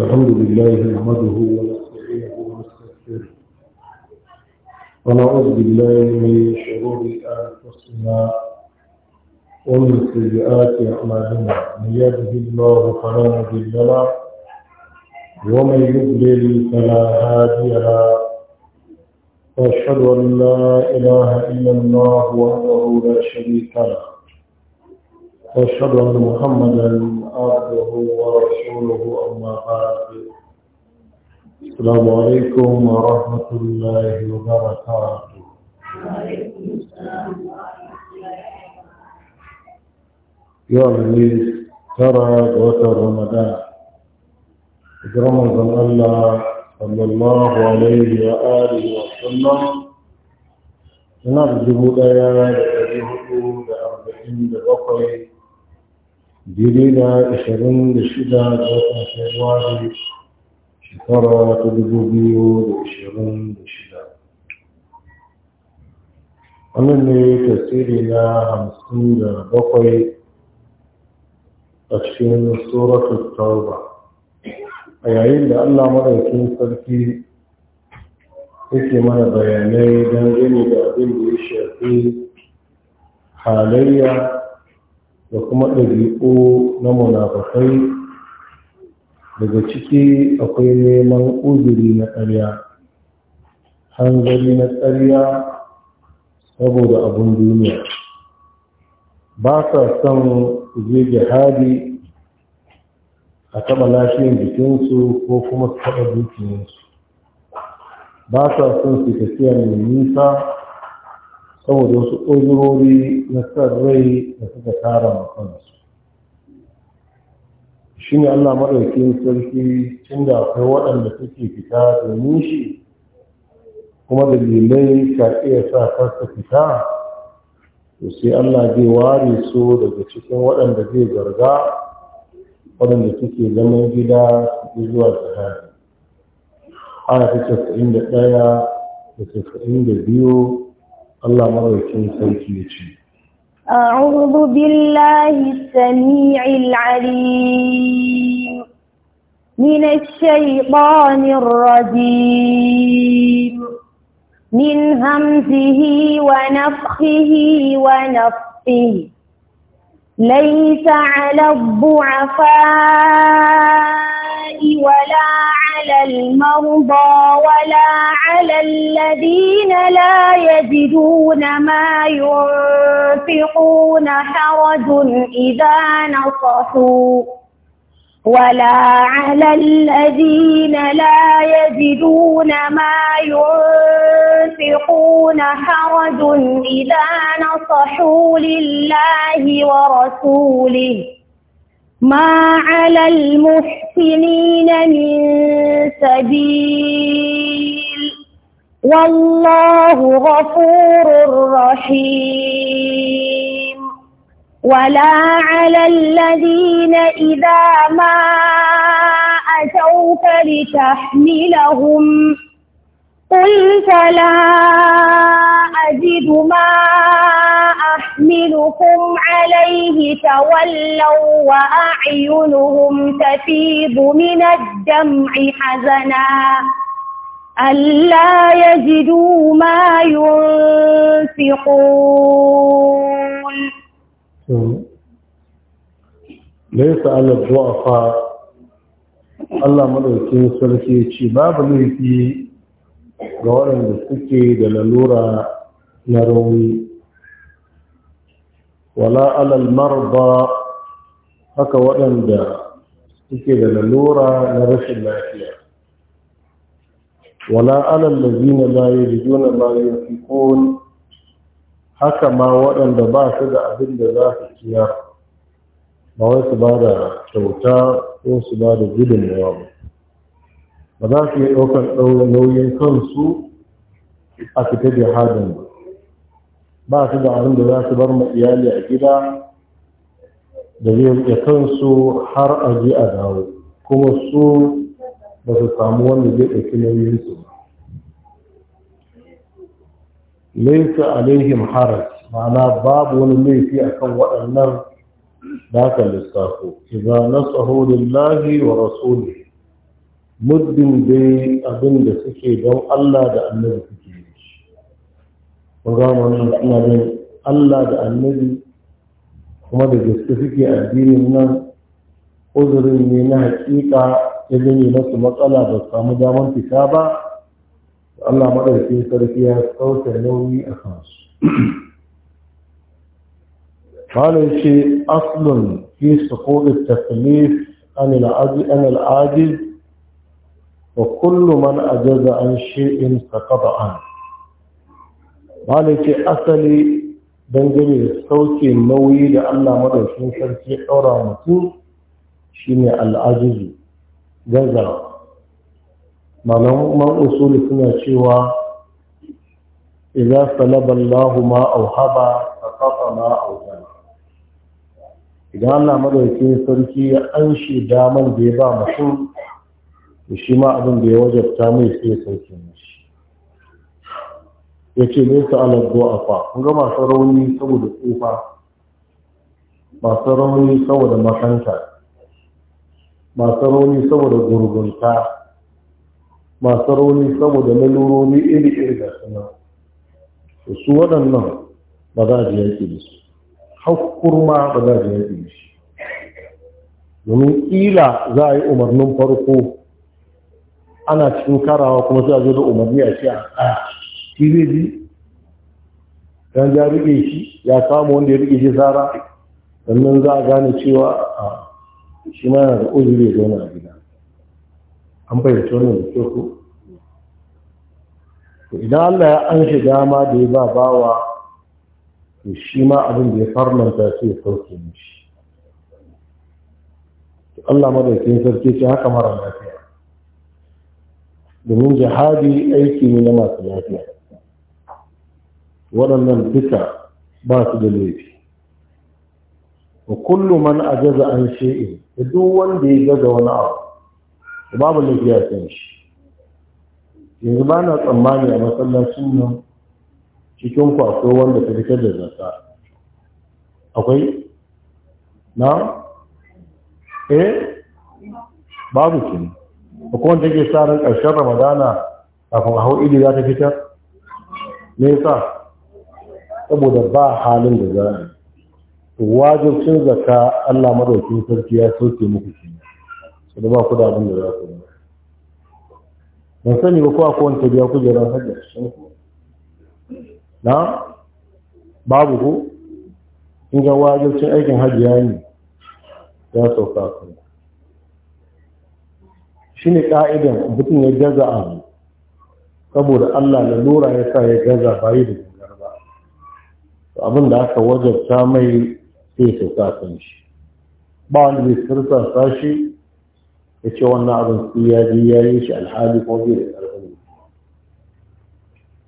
الحمد لله نحمده ونستعينه ونستغفره ونعوذ بالله من شرور انفسنا ومن سيئات اعمالنا من يهده الله فلا مضل له ومن يضلل فلا هادي له واشهد ان لا اله الا الله وحده لا شريك له واشهد ان محمدا عبده ورسوله أما بعد السلام عليكم ورحمة الله وبركاته يا ربي ترى وتر رمضان رمضان الله صلى الله عليه وآله وسلم نرجو ليالي 447 دليل إخرين لشدة دوتنا في الوادي شفرة تدبو بيو إخرين لشدة أمني تسيرنا همسون بقوي تشفين سورة التوبة أيعين لأنه مرة يكون سلكي إكي بياني دنجيني بأبين بيشي حاليا da kuma ɗabi'u na munafakai daga ciki akwai neman uzuri na ƙarya hanzari na ƙarya saboda abin duniya ba sa son je jihadi a taɓa lafiyar jikinsu ko kuma taɓa dukiyarsu ba sa son su tafiya mai nisa saboda wasu ƙudurori na san rai da suka tara wa kansu shi ne allah maɗaukin sarki tun da akwai waɗanda suke fita da shi kuma da dalilai ka iya sa kansa fita to sai allah zai ware su daga cikin waɗanda zai zarga waɗanda suke zaman gida su zuwa jihadi ana da ɗaya biyu الله مرويكي سيكي أعوذ بالله السميع العليم من الشيطان الرجيم من همزه ونفخه ونفخه ليس على الضعفاء ولا على المرضى ولا على الذين لا يجدون ما ينفقون حرج إذا نصحوا ولا على الذين لا يجدون ما ينفقون حرج إذا نصحوا لله ورسوله ما على المحسنين من سبيل والله غفور رحيم ولا على الذين إذا ما أتوك لتحملهم قلت لا أجد ما يحملكم عليه تولوا وأعينهم تفيض من الدمع حزنا ألا يجدوا ما ينفقون ليس على الضعفاء Allah madaukakin sarki ya ce babu laifi ga waɗanda suke da lalura na rauni wala alal marba haka waɗanda suke da lalura na rashin lafiya wala alal lazina la yajiduna ma yunfiqun haka ma waɗanda ba su da abin da za su ciyar ba wai su ba da kyauta ko su ba da gudunmawa ba ba za su yi ɗaukar nauyin kansu a fita jihadin ba ba su da abin da za su bar ma iyali a gida da zai ya kansu har a je a dawo kuma su ba su samu wanda zai ɗauki su ba laisa alaihim haraj ma'ana babu wani laifi akan waɗannan da aka lissafo idza nasahu lillahi wa Rasuli. muddin dai abin da suke don Allah da annabi kun wannan suna bin Allah da annabi kuma da gaske suke addinin nan uzurin ne na hakika ya zane masu matsala ba su samu damar fita ba Allah maɗauki sarki ya sauke nauyi a kansu. Malai ce aslun fi sukuɗin taklif an al'ajiz wa kullum man ajaza an shi'in sakaba an. Wani ce asali dangane da sauke nauyi da Allah madaukin sarki ɗaura mutum shine al'ajizu Gaza malaman usuli suna cewa Idan salaba ma auhaba kafa ma auhaba idan Allah madaukin sarki ya anshi daman da ya ba mutum to shi ma abin da ya wajabta mai sai sauke ne ya ce nesa alabdo a fa ga masu rauni saboda tsufa masu rauni saboda makanta masu rauni saboda gurgunta masu rauni saboda lalurori iri-iri da suna su waɗannan ba za a ji yaƙi da su ma ba za a ji yaƙi da shi domin ƙila za a yi umarnin farko ana cikin karawa kuma sai a zo da umarni a ce a shi zai ji ya rike shi ya samu wanda ya rike shi tsara sannan za a gane cewa a shi ma yana da uzuri ya zauna a gida an fahimci wannan da kyau to idan Allah ya an shi dama da ya ba bawa to shi ma abin da ya farmanta shi ya sauke mishi Allah madaukin sarki ce haka mara lafiya domin jihadi aiki ne na masu lafiya waɗannan duka ba su da laifi wa kullu man ajaza an shay'in da duk wanda ya gaza wani abu babu laifi a kan shi yanzu ba na tsammani a masallacin nan cikin kwaso wanda ta fitar da zaka akwai na eh babu kin akwai wanda ke sa ran ƙarshen ramadana kafin a hau idi za ta fitar me yasa saboda ba halin da za a yi wajibcin zaka Allah madaukin sarki ya soke muku shi da ba ku da abin da za ku yi ban sani ba ko akwai wanda biya kujerar hajjar shan ku na babu ku in ga wajibcin aikin hajji ya yi ya sauka ku shi ne ka'idan mutum ya gaza abu saboda Allah na lura ya sa ya gaza bayi da abin da aka wajabta mai sai sauka kan shi ba wani zai surta sashi ya ce wannan abin su ya ji ya yi shi alhali ko zai da ƙarfin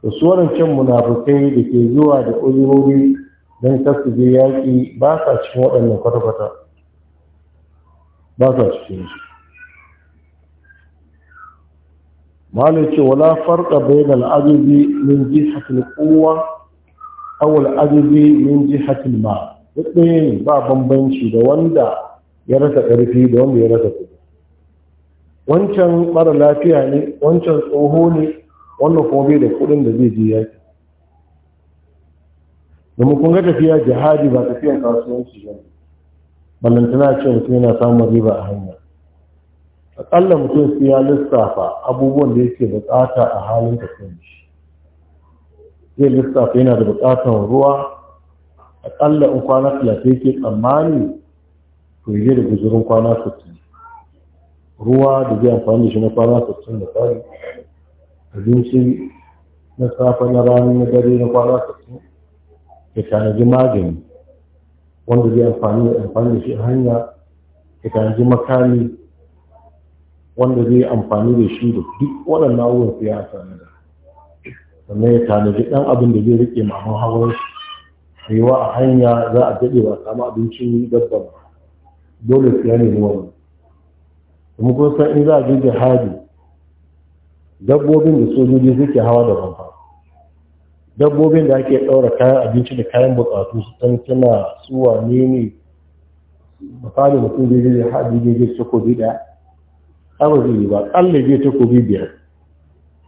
da su wadancan munafukai da ke zuwa da ƙuzurori don kasu je yaƙi ba sa cikin waɗannan kwata-kwata ba sa cikin shi malai ce wala farka bayan al'ajabi min jihatul kowa awul ajizi min jihatil ma dukkan ba bambanci da wanda ya rasa ƙarfi da wanda ya rasa kuɗi wancan mara lafiya ne wancan tsoho ne wanda kuma bai da kuɗin da zai je yaki Da kun ga tafiya jihadi ba tafiya kasuwanci ba ne tana ce mutum yana samun riba a hanya aƙalla mutum sai ya lissafa abubuwan da yake bukata a halin tafiyan shi zai lissafa yana da bukatan ruwa aƙalla in kwana talatin ke tsammani to yi da guzurin kwana sittin ruwa da zai amfani da shi na kwana sittin da tsari abinci na safe na rana na dare na kwana sittin ya tanaji magani wanda zai amfani da amfani da shi a hanya ya tanaji makami wanda zai amfani da shi da duk waɗannan abubuwan su ya amfani sannan ya tanaji ɗan abin da zai riƙe maman hawan shi yiwa a hanya za a daɗe ba samu abincin dabba ba dole su ya nemi wani kuma ko san in za a je jihadi dabbobin da sojoji suke hawa da rumfa dabbobin da ake ɗaura kayan abinci da kayan buƙatu su san suna suwa ne ne misali mutum zai je jihadi zai je takobi ɗaya ba zai yi ba ƙalla zai takobi biyar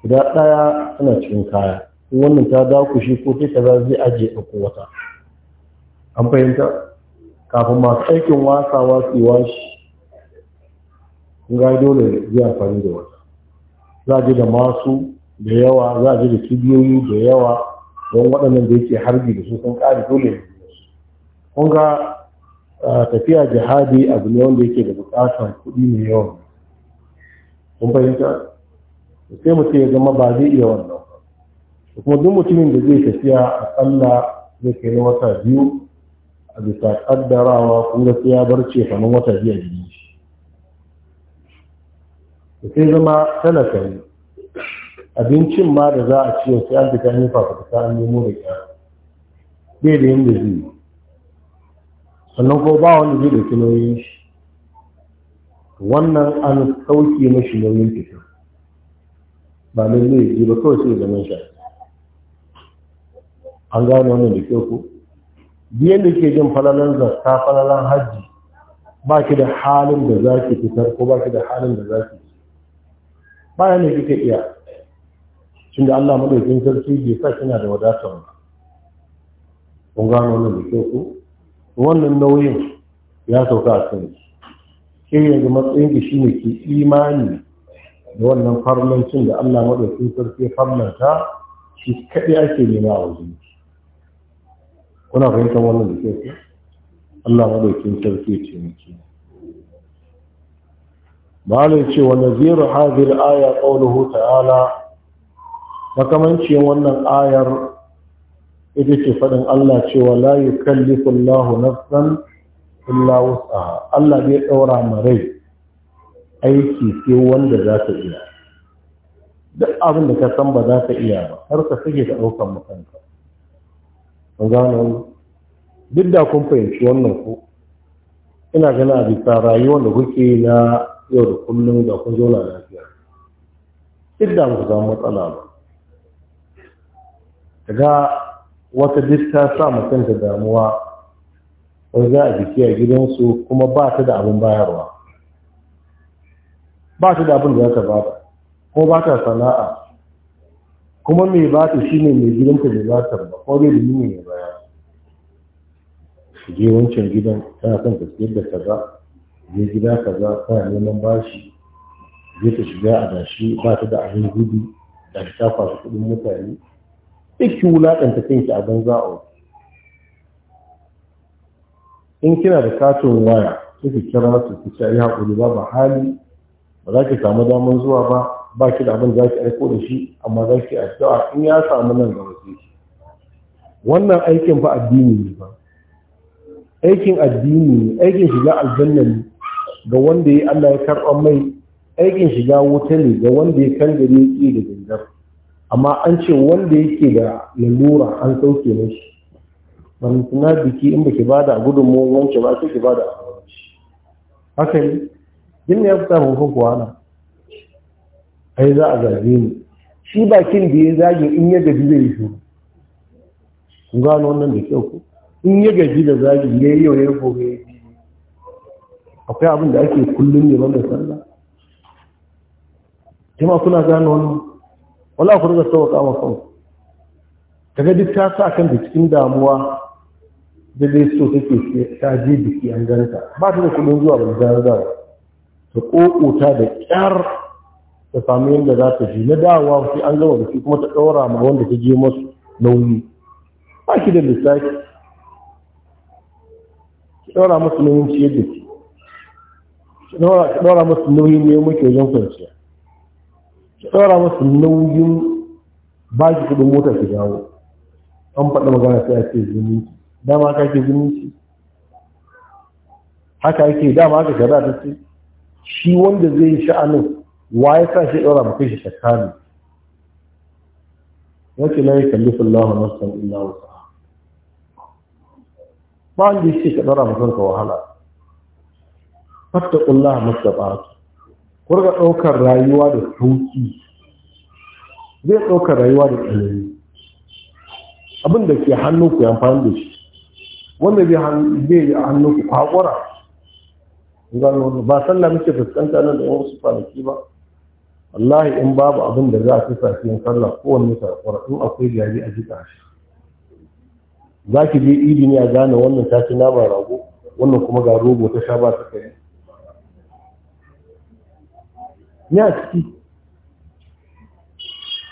guda ɗaya tana cikin kaya in wannan ta dakushe ko ta kaza zai ajiye a wata an fahimta kafin masu aikin wasa wasu yi washi ga dole zai amfani da wata za a je da masu da yawa za a je da kibiyoyi da yawa don waɗannan da yake harbi da su sun ƙari dole ne kun ga tafiya jihadi abu ne wanda yake da buƙatar kuɗi mai yawa kun fahimta sai mutum ya zama ba zai iya wannan kuma duk mutumin da zai tafiya a tsalla zai kai wata biyu a bisa kaddarawa ko sai ya bar ce kamar wata biyu a jini shi sai zama talaka ne abincin ma da za a ci sai an fita ne fa fita an nemo da kyara bai da yanda zai sannan ko ba wanda zai da kinoyin shi wannan an sauke mashi nauyin fitar ba lalle ya ba kawai sai zaman shi an gano wannan da kyau ko biyan da ke jin falalan zakka falalan hajji ba ki da halin da za ki fitar ko ba ki da halin da za ki bayan ne kika iya tunda Allah madaukakin sarki bai sa kina da wadatar ba kun gano wannan da kyau ko wannan nauyin ya sauka a kan Ke yanzu matsayin ki shine ki imani da wannan farlancin da Allah maɗaukin sarki ya farlanta shi kaɗai ake nema a wajen kuna fahimtar wannan da ke Allah maɗaukin sarki ya taimake malai ce wa naziru hadhihi al-aya qawluhu ta'ala makamancin wannan ayar ita ce faɗin Allah cewa la yukallifu lahu nafsan illa wus'aha Allah bai ɗaura ma rai aiki sai wanda za ka iya duk abin da ka san ba za ka iya ba har ka sake ka ɗaukan makanka an gano duk da kun fahimci wannan ko ina gani a bisa rayuwar da kuke na yau da kullum da kun zauna lafiya duk da ku samu matsala ba daga wata duk ta sa mutum ta damuwa wani za a biki a gidansu kuma ba ta da abin bayarwa ba ta da abin da za ba ko ba ta sana'a kuma mai ba ta shi ne mai gidanta da za ta ba ko da ne baya je wancan gidan tana son ta da kaza je gida kaza tana neman bashi je ta shiga a dashi ba ta da abin gudu da ta su kuɗin mutane duk ki wulaƙanta kanki a banza a in kina da katon waya suka kira su ku ci yi ba ba hali ba za ki samu damar zuwa ba ba shi da abin za ki aiko da shi amma za ki addu'a in ya samu nan ga wasu wannan aikin fa addini ne ba aikin addini ne aikin shiga aljanna ga wanda ya Allah ya karɓa mai aikin shiga wuta ne ga wanda ya kangare ya da gangar amma an ce wanda yake da lalura an sauke mashi ban suna biki in baki bada gudunmuwan wancan ba sai ki ba da haka ne din ne ya fita mun kuwa na ai za a zage ni shi bakin da ya zage in ya gaji zai shi kun gano wannan da kyau ko in ya gaji da zage ya yau ya gobe ya ji akwai abin da ake kullum ne banda sallah jama'a kuna gano wannan wala ku riga sauka kama kanku kaga duk ta sa kan da cikin damuwa da dai so take ta je biki an ganta ba ta da kudin zuwa ba da zarar ta kokota da kyar ta sami yadda za ta ji na dawa sai an gama shi kuma ta ɗaura ma wanda ta je masu nauyi ba shi da lissafi ki ɗaura masu nauyin ciyar yadda ki ki ɗaura masu nauyin ne muke wajen kwanciya ki ɗaura masu nauyin ba shi kuɗin mota ki dawo an faɗa magana sai a ce zumunci dama ka ke zumunci haka yake dama haka shari'a ta ce shi wanda zai yi sha'anin wa ya sa shi ɗora mafi shi shakkani wace kalli sallahu na san illa wus'aha ba wanda shi ka ɗora mafi ka wahala ƙulla masu mastata su riga ɗaukar rayuwa da sauƙi. zai ɗaukar rayuwa da tsanani abin da ke hannu ku yamfani da shi wanda zai yi hannu ku kwakwara gano ba sallah muke fuskanta nan da yan wasu kwanaki ba wallahi in babu abin da za a fi safiyan sallah kowanne karkwara in akwai gari a jika shi za ki je idi a gane wannan ta ci nama rago wannan kuma ga rogo ta sha ba ta kai ne a ciki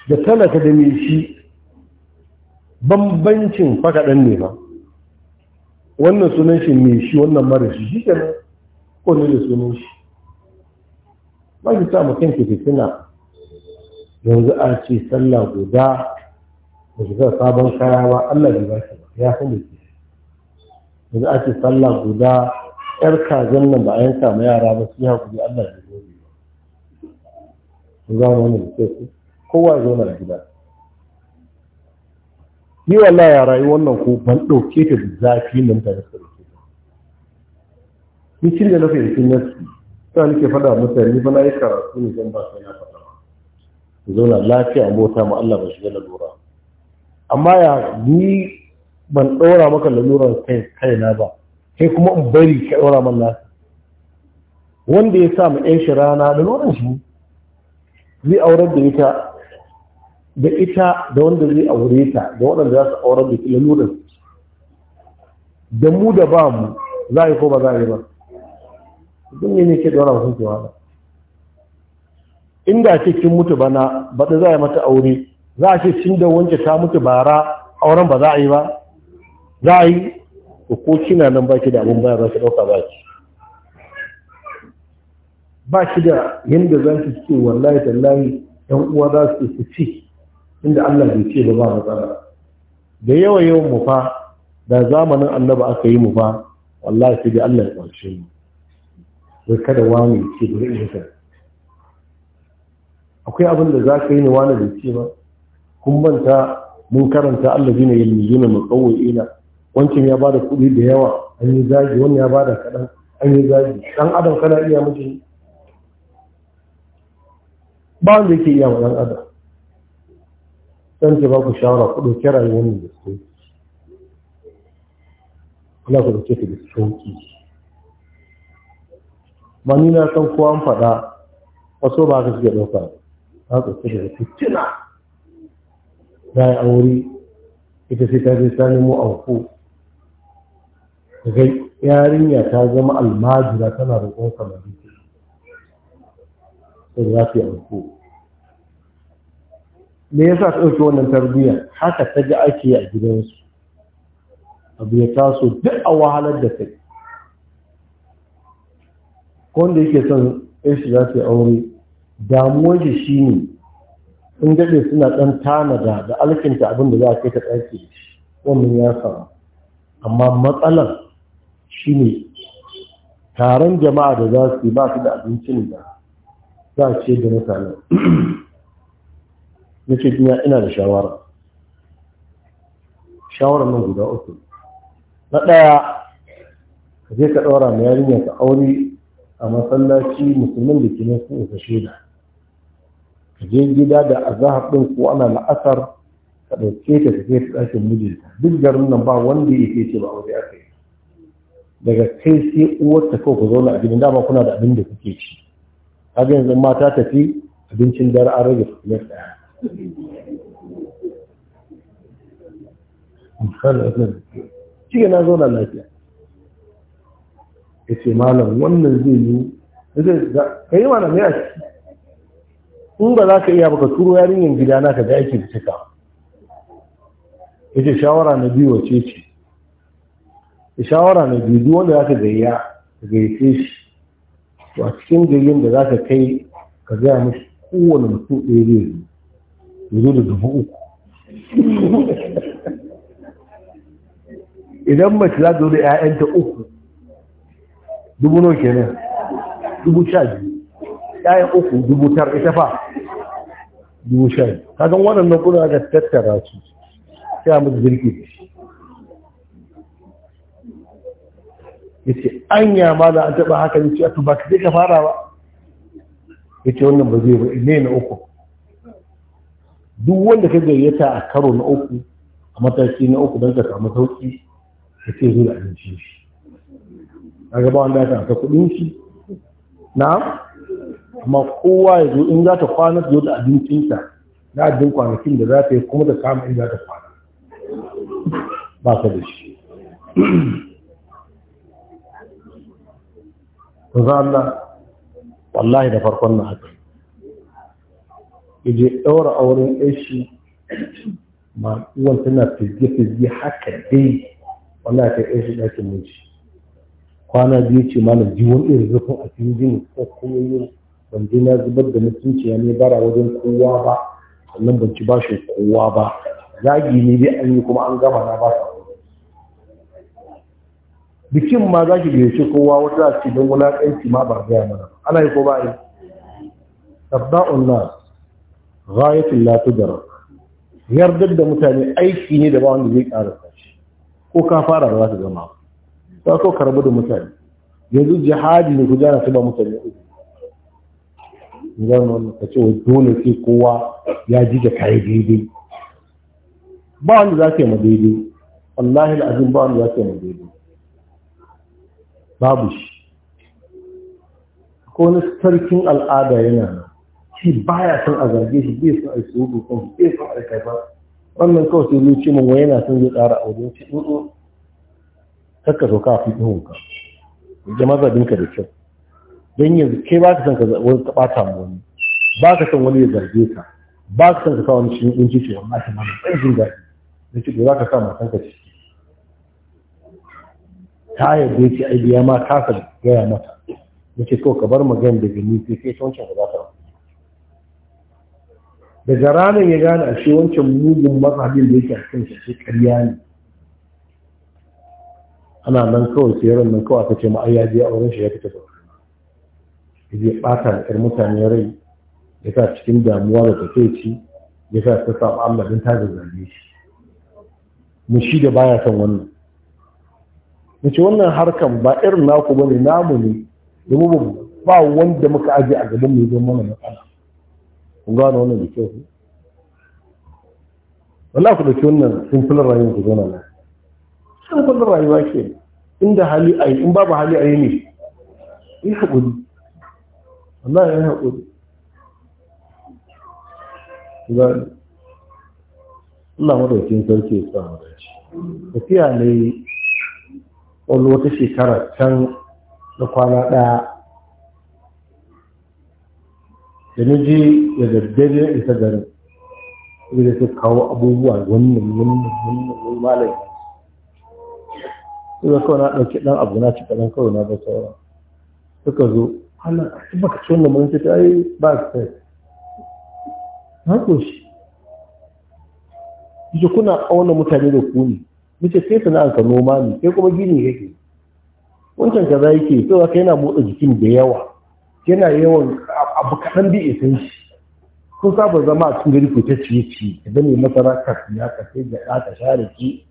da talaka da mai shi bambancin fakaɗan ne ba wannan sunan shi mai shi wannan mara shi shi kenan ko ne da sunan shi ba ki sa mutum ki fitina yanzu a ce sallah guda da shiga sabon kaya ba Allah bai ba shi ya san da ke yanzu a ce sallah guda yar kazan nan ba a yanka ma yara ba su yi hakuri Allah bai zo ba za mu wani da ke su kowa zo na gida ni wallahi ya rayu wannan ko ban ɗauke ta da zafi nan da na sani cikin ne na fahimci nasu ta nake fada mutane ba na yi karatu ne zan ba sai na faɗa ba zauna lafiya mota ma Allah ba shiga lalura amma ya ni ban ɗora maka laluran kai na ba kai kuma in bari ka ɗora man na wanda ya sa mu ɗan shi rana laluran shi zai aurar da ita da ita da wanda zai aure ta da waɗanda za su aurar da ita laluran da mu da ba mu za a yi ko ba za a yi ba duk ne ne ke dora wasu kewa ba inda ake kin mutu bana baɗi za a yi mata aure za a ce cin da wance ta mutu bara auren ba za a yi ba za a yi ko kina nan baki da abin bayan za ki ɗauka ki. ba shi da yadda za su ce wallahi tallahi ɗan uwa za su su ci inda Allah bai ce ba ba matsala da yawa yawan mu fa da zamanin ba aka yi mu fa wallahi sai da Allah ya kwace mu wai kada wani ce da zai iya akwai abin da za ka yi ne wani da ce ba kun manta mun karanta Allah zina yin mijina mu ina wancan ya bada kuɗi da yawa an yi zagi wani ya bada kaɗan an yi zagi ɗan adam kana iya mutum ba wanda yake iya wa ɗan adam dan ba ku shawara ku ɗauki rayuwar da sauki Allah ku ɗauke ta da sauki ba na san kowa an faɗa wasu ba ka shiga ɗauka ba ka daga fitina ya yi aure ita sai ta zai ta nemo auku daga yarinya ta zama almajira tana roƙon duka. sai za su yi auku me yasa ta ɗauki wannan tarbiyya haka ta ga ake a gidansu abu ya taso duk a wahalar da kai ko wanda yake son shi za su aure damuwar shi shi ne Sun daɗe suna ɗan tanada da alkinta abin da za a kai ta ɗaki da wannan ya samu amma matsalar shi ne taron jama'a da za su yi ba su da abincin da za a ce da mutane na ce duniya ina da shawara shawarar nan guda uku na ɗaya ka je ka ɗora ma yarinya ka aure a masallaci musulman da ke nan sun isa shaida ka je gida da azahar ɗin ko ana la'asar ka ɗauke ta tafiya ta ɗakin mijinta duk garin nan ba wanda ya ce ba wani aka yi daga kai sai uwar ta kawai ku zauna a gidan dama kuna da abin da kuke ci kaga yanzu mata tafi abincin dare an rage fitilar ɗaya misali a kan cikin na zauna lafiya ya ce malam wannan zai yi ka yi malam ya shi in ba za ka iya baka turo yarinyar gida na ka ga aiki da cika ya ce shawara na biyu wace ce ya shawara na biyu duk wanda za ka gayya ka gayyace shi to a cikin gayyan da za ka kai ka gaya mashi kowane mutum ɗaya zai zo ya zo da dubu uku idan mace za ta zo da 'ya'yanta uku dubu nawa kenan dubu sha biyu uku dubu tar ita fa dubu sha biyu kagan waɗannan kuna ga tattara su sai a musu girki ya ce an yama da an taɓa haka ya ce a tuba ka ka fara ba ya ce wannan ba zai ba ne eh, na uku duk wanda ka gayyata a karo na uku a mataki na uku don ka samu sauki ya ce zuwa abinci shi a gaba wanda ya ta kudin shi na amma kowa ya zo in za ta kwana zo da abincinta na abin kwanakin da za ta yi kuma da kama in za ta kwana ba ka da shi ta za Allah wallahi da farkon na haka yaje ɗaura auren ɗashi ma uwan tana fizge-fizge haka dai wallahi ta ɗashi ɗakin miji kwana biyu ce malam ji wani irin rufin a cikin jini ko koyoyin ban je na zubar da mutunci ya ne bara wajen kowa ba sannan ban ci bashin kowa ba zagi ne dai an yi kuma an gama na ba bikin ma za ki gaishe kowa wata a ce don wulaƙanci ma ba gaya mana ana yi ko ba yi tabba'un nas ghayatul la yardar da mutane aiki ne da ba wanda zai ƙara shi ko ka fara ba za ka gama ta so karbu da mutane yanzu jihadi ne ku jana ba mutane uku zan wani ka ce dole sai kowa ya ji da kayi daidai ba wanda za ka yi ma daidai wallahi abin ba wanda za ka yi ma daidai babu shi ko wani sarkin al'ada yana nan shi baya son a zarge shi bai son a yi surutu kan bai son a yi kaza wannan kawai sai zai ce mawa yana son zai tsara aure shi ɗin?" Mm, mm. kakka sauka a fiƙihunka da mazabinka da kyau don yanzu ke ba ka san ka wani ɓata mu wani ba ka san wani ya zarge ka ba ka san ka kawo shi cikin kunci ce wannan ta mana ɗan jin daɗi da ce za ka sa san ka ciki ta yarda ce ai biya ma ta ka gaya mata da ce to ka bar magana daga ni sai sai ta wancan ka za ta rabu daga ranar ya gane a ce wancan mugun mazhabin da yake a kan shi ƙarya ne ana nan kawai tseren nan kawai aka ce ma'ayyaji a wurin shi ya fita da Ya zai ɓata da ƙar mutane rai ya sa cikin damuwa da takeici ya sa ta samu Allah din ta zazzage shi mu shi da baya son wannan mu ce wannan harkan ba irin naku ba ne namu ne domin ba wanda muka aje a gaban mu don mana matsala kun gano wannan da kyau wallahi ku dauki wannan sun fulan rayuwar ku zauna lafiya sun kwallon rayuwa ke inda hali a yi in babu hali a yi ne yi haƙuri Allah ya yi haƙuri Ina madaukin sarki ya samu shi tafiya ne wani wata shekara can na kwana ɗaya da na ya da isa garin da su kawo abubuwa wannan wannan wannan malam sai kawai na ɗauki ɗan abu na cika ɗan kawai na ba sauran suka zo hana a baka ci da mun ta yi ba sai na ƙoshi yace kuna auna mutane da ku ne yace sai a kano noma ne sai kuma gini yake wancan kaza yake sai ka yana motsa jikin da yawa yana yawan abu kaɗan bi isan shi kun saba zama a cikin gari ko ta ciye ciye ka zame masara ka siya ka sai ga ɗa ka share ki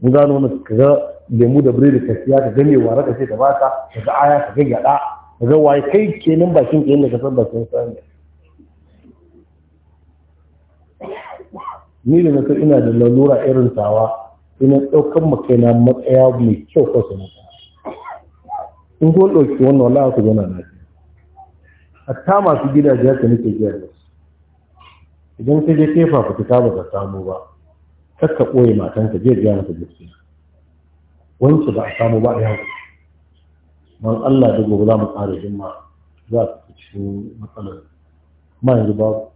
mun gano wani ka ga lemu da biredi ka siya ka gane wa ka ce ta baka ka ga aya ka ga gyada ka ga waye kai kenan bakin kenan da ka san bakin sani ni da nasu ina da lalura irin tawa ina ɗaukan makaina matsaya mai kyau ko su mata in ko ɗauki wannan wala aka zauna na A ta masu gidaje haka nake jiya da su idan ka je kefa fita ba ka samu ba kakka ɓoye matanka zai gaya mata gaskiya wancan ba a samu ba a yawo man Allah da gobe za mu ƙara himma za ta fi cikin matsalar ma yanzu babu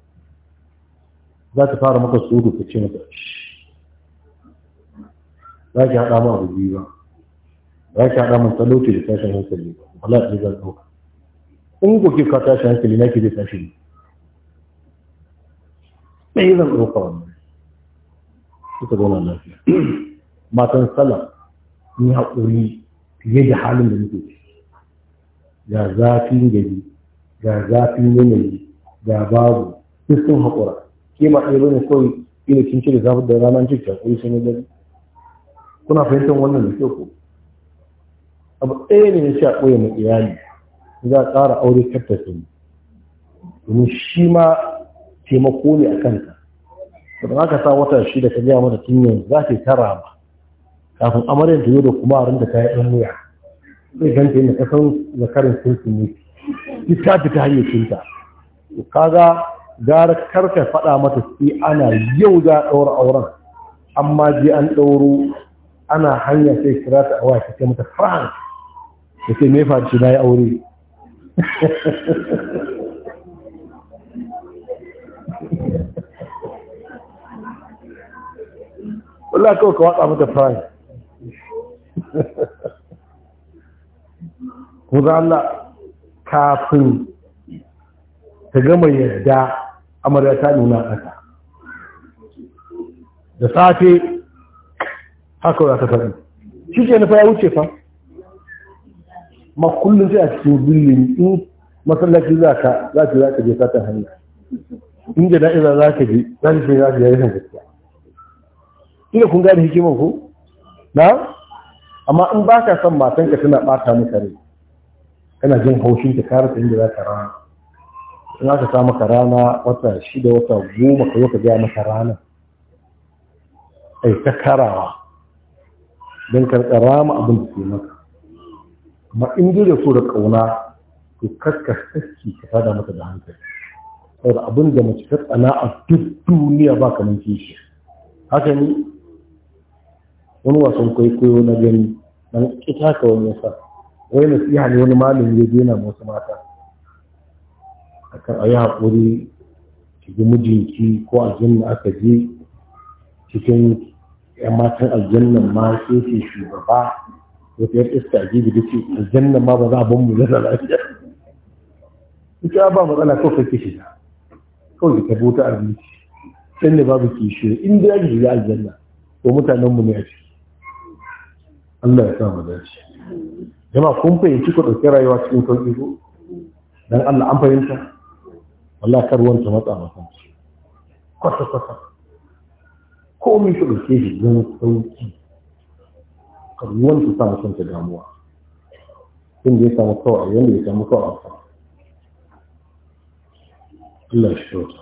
za ta fara maka su ka ce mata za ki haɗa ma abu biyu ba za ki haɗa min talauci da tashin hankali ba ba wala ɗin zan ɗauka in ku ki ka tashin hankali na ki zai tashi ne me zan ɗauka wannan suka zauna lafiya matan Sallah ni haƙuri fiye da halin da muke ciki ga zafin gari ga zafin yanayi ga babu fiskin sun haƙura ke ma ɗaya bane kawai ina cin cire zafin da ranar cikin haƙuri sun yi gari kuna fahimtar wannan da kyau ko abu ɗaya ne ya sha ɓoye mai iyali za a ƙara aure kar domin shi ma taimako ne a kanta to ba ka sa wata shida ka gaya mana tun yanzu za ta yi tara ba kafin amaryar ta yau da kuma a rinda kayan ɗan wuya zai ganta yadda ka san zakarin sinsu ne ki ta fita hayyacinta to kaga gara karka faɗa mata sai ana yau za a ɗaura auren amma je an ɗauro ana hanya sai kira ta a waya ta mata france da sai me faɗi shi na yi aure Allah kawai ka watsa maka fry ku Allah kafin ta gama yadda amarya ta nuna ƙasa da safe haka za ta faɗi shi ke nufa ya wuce fa ma kullum sai a cikin zillin in masallaci za ka za ka je sata hanya in jana'iza za ka je za ka je za ka je ina kun gane hikimar ku na amma in ba ka son matanka tana ɓata maka rai kana jin haushin ta karasa inda za ka rana in aka sa maka rana wata shida wata goma ka zo ka gaya maka rana ai ta karawa don karɓa rama abin da ke maka amma in dai da so da ƙauna to kaskar saski ka fada mata da hankali saboda abin da mace ta tsana a duk duniya ba kamar kishi haka ne wani wasan kwaikwayo na gani na kita ka wani yasa wai nasiha ne wani malin ya je na wasu mata akan a yi haƙuri shiga mijinki ko aljanna aka je cikin yan matan aljannan ma sai ke shugaba wata yar iska a gibi da ce aljannan ma ba za a ban mu zana lafiya ita ba matsala ko kake shiga kawai ka bota abinci sai ne babu kishi in da ya shiga aljanna ko mutanenmu ne a ciki Allah ya sa da shi jama kun fahimci ku ɗauki rayuwa cikin sauƙi ko dan Allah an fahimta wallahi kar wanta matsa masa kwata kwata komai ku ɗauke shi don sauƙi kar wanta sa masa damuwa tun da ya samu kawai yanda ya samu kawai Allah ya shi kyauta